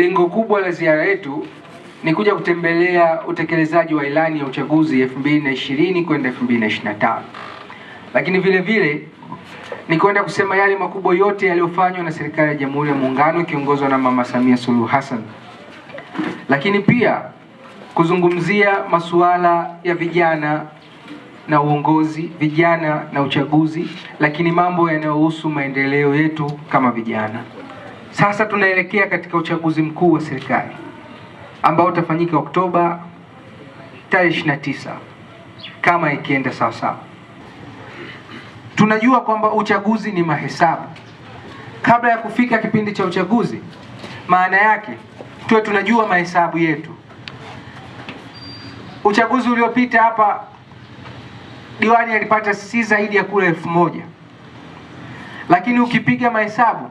Lengo kubwa la ziara yetu ni kuja kutembelea utekelezaji wa ilani ya uchaguzi 2020 kwenda 2025, lakini vile vile ni kwenda kusema yale makubwa yote yaliyofanywa na serikali ya Jamhuri ya Muungano ikiongozwa na Mama Samia Suluhu Hassan, lakini pia kuzungumzia masuala ya vijana na uongozi, vijana na uchaguzi, lakini mambo yanayohusu maendeleo yetu kama vijana. Sasa tunaelekea katika uchaguzi mkuu wa serikali ambao utafanyika Oktoba tarehe 29 kama ikienda sawa sawa. Tunajua kwamba uchaguzi ni mahesabu. Kabla ya kufika kipindi cha uchaguzi, maana yake tuwe tunajua mahesabu yetu. Uchaguzi uliopita hapa diwani alipata si zaidi ya kura elfu moja, lakini ukipiga mahesabu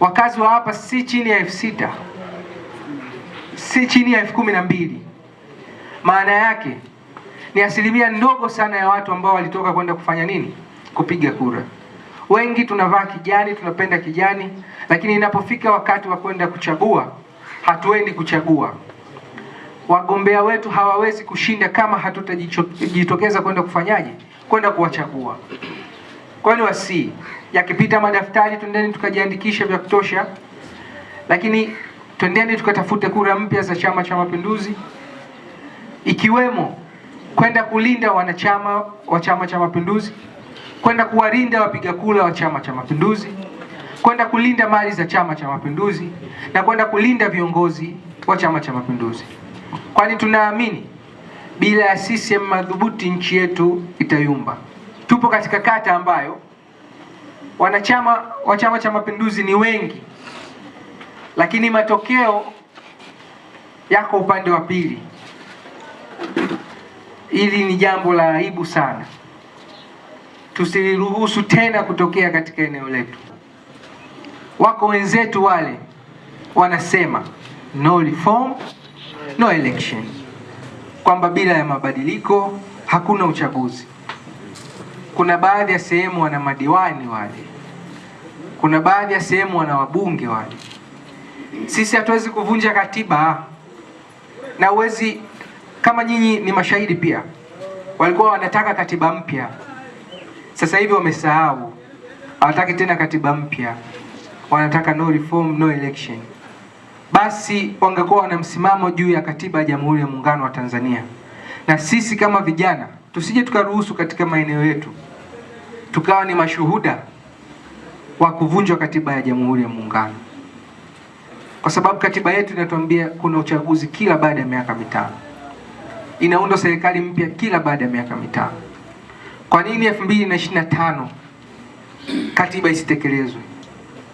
Wakazi wa hapa si chini ya elfu sita si chini ya elfu kumi na mbili Maana yake ni asilimia ndogo sana ya watu ambao walitoka kwenda kufanya nini? Kupiga kura. Wengi tunavaa kijani, tunapenda kijani, lakini inapofika wakati wa kwenda kuchagua hatuendi kuchagua. Wagombea wetu hawawezi kushinda kama hatutajitokeza kwenda kufanyaje, kwenda kuwachagua. kwani wasii yakipita madaftari, twendeni tukajiandikisha vya kutosha, lakini twendeni tukatafute kura mpya za Chama cha Mapinduzi, ikiwemo kwenda kulinda wanachama wa Chama cha Mapinduzi, kwenda kuwalinda wapiga kura wa Chama cha Mapinduzi, kwenda kulinda mali za Chama cha Mapinduzi na kwenda kulinda viongozi wa Chama cha Mapinduzi, kwani tunaamini bila ya CCM madhubuti nchi yetu itayumba. Tupo katika kata ambayo wanachama wa Chama cha Mapinduzi ni wengi, lakini matokeo yako upande wa pili. Hili ni jambo la aibu sana, tusiliruhusu tena kutokea katika eneo letu. Wako wenzetu wale wanasema no reform no election, kwamba bila ya mabadiliko hakuna uchaguzi kuna baadhi ya sehemu wana madiwani wale, kuna baadhi ya sehemu wana wabunge wale. Sisi hatuwezi kuvunja katiba na uwezi, kama nyinyi ni mashahidi pia, walikuwa wanataka katiba mpya, sasa hivi wamesahau, hawataki tena katiba mpya, wanataka no reform, no election. Basi wangekuwa wana msimamo juu ya katiba ya Jamhuri ya Muungano wa Tanzania, na sisi kama vijana tusije tukaruhusu katika maeneo yetu tukawa ni mashuhuda wa kuvunjwa katiba ya Jamhuri ya Muungano, kwa sababu katiba yetu inatuambia kuna uchaguzi kila baada ya miaka mitano, inaundwa serikali mpya kila baada ya miaka mitano. Kwa nini elfu mbili na ishirini na tano katiba isitekelezwe?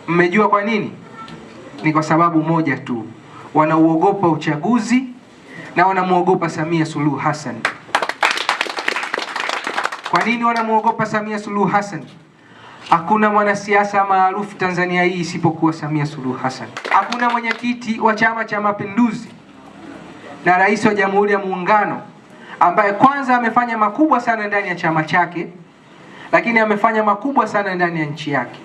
Mmejua kwa nini? Ni kwa sababu moja tu, wanauogopa uchaguzi na wanamuogopa Samia Suluhu Hassan. Kwa nini wanamwogopa Samia Suluhu Hassan? Hakuna mwanasiasa maarufu Tanzania hii isipokuwa Samia Suluhu Hassan. Hakuna mwenyekiti wa Chama cha Mapinduzi na rais wa Jamhuri ya Muungano ambaye kwanza amefanya makubwa sana ndani ya chama chake, lakini amefanya makubwa sana ndani ya nchi yake.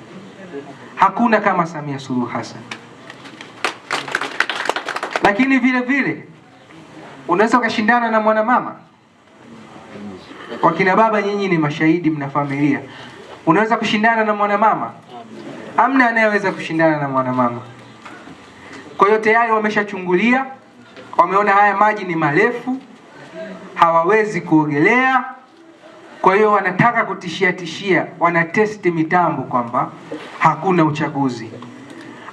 Hakuna kama Samia Suluhu Hassan. Lakini vile vile unaweza ukashindana na mwanamama Wakina baba nyinyi ni mashahidi, mna familia. Unaweza kushindana na mwanamama? Amna anayeweza kushindana na mwanamama. Kwa hiyo tayari wameshachungulia, wameona haya maji ni marefu, hawawezi kuogelea. Kwa hiyo wanataka kutishia tishia, wanatesti mitambo kwamba hakuna uchaguzi,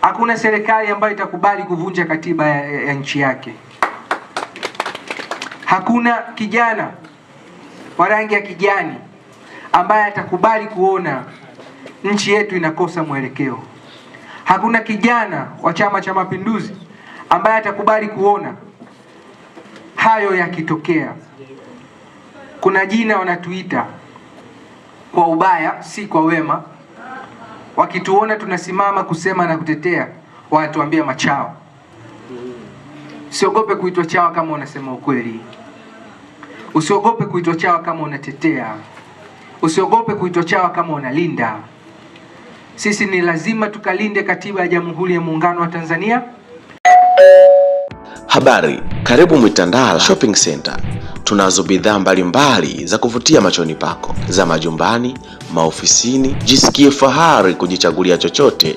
hakuna serikali ambayo itakubali kuvunja katiba ya, ya nchi yake, hakuna kijana wa rangi ya kijani ambaye atakubali kuona nchi yetu inakosa mwelekeo. Hakuna kijana wa Chama cha Mapinduzi ambaye atakubali kuona hayo yakitokea. Kuna jina wanatuita kwa ubaya, si kwa wema. Wakituona tunasimama kusema na kutetea, wanatuambia machao. Siogope kuitwa chawa kama unasema ukweli. Usiogope kuitwa chawa kama unatetea, usiogope kuitwa chawa kama unalinda. Sisi ni lazima tukalinde katiba ya Jamhuri ya Muungano wa Tanzania. Habari, karibu Mwitandala Shopping Center. Tunazo bidhaa mbalimbali za kuvutia machoni pako, za majumbani, maofisini. Jisikie fahari kujichagulia chochote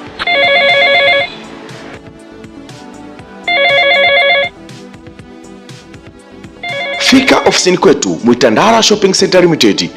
ofisini kwetu Mwitandara Shopping Center Limited